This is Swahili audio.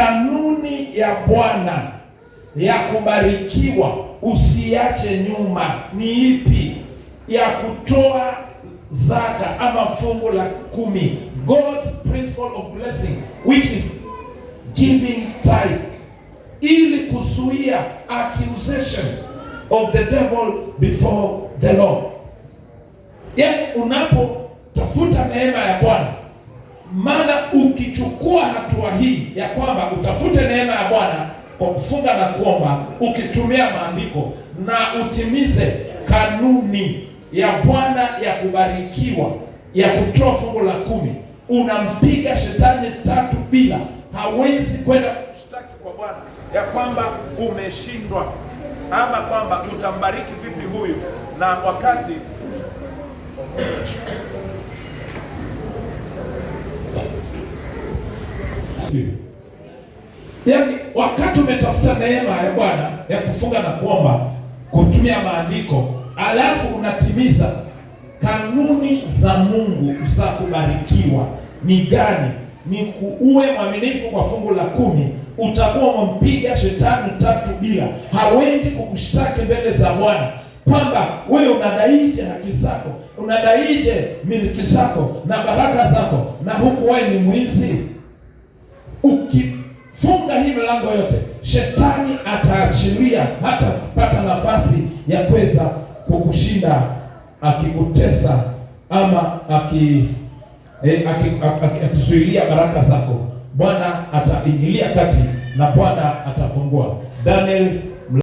kanuni ya Bwana ya kubarikiwa usiache nyuma ni ipi? Ya kutoa zaka ama fungu la kumi. God's principle of blessing which is giving tithe, ili kusuia accusation of the devil before the Lord. Yaani, unapotafuta neema ya Bwana maana ukichukua hatua hii ya kwamba utafute neema ya Bwana kwa kufunga na kuomba, ukitumia maandiko na utimize kanuni ya Bwana ya kubarikiwa ya kutoa fungu la kumi, unampiga shetani tatu bila. Hawezi kwenda kushtaki kwa Bwana ya kwamba umeshindwa ama kwamba utambariki vipi huyu, na wakati asifiwe. Yaani, wakati umetafuta neema ya Bwana ya kufunga na kuomba, kutumia maandiko, alafu unatimiza kanuni za Mungu za kubarikiwa ni gani? Ni uwe mwaminifu kwa fungu la kumi. Utakuwa umempiga shetani tatu bila, hawendi kukushtaki mbele za Bwana kwamba wewe unadaije haki zako, unadaije miliki zako na baraka zako, na huku wewe ni mwizi mambo yote, shetani ataachilia hata kupata nafasi ya kuweza kukushinda akikutesa ama aki eh, akizuilia aki, aki, aki baraka zako. Bwana ataingilia kati na Bwana atafungua. Daniel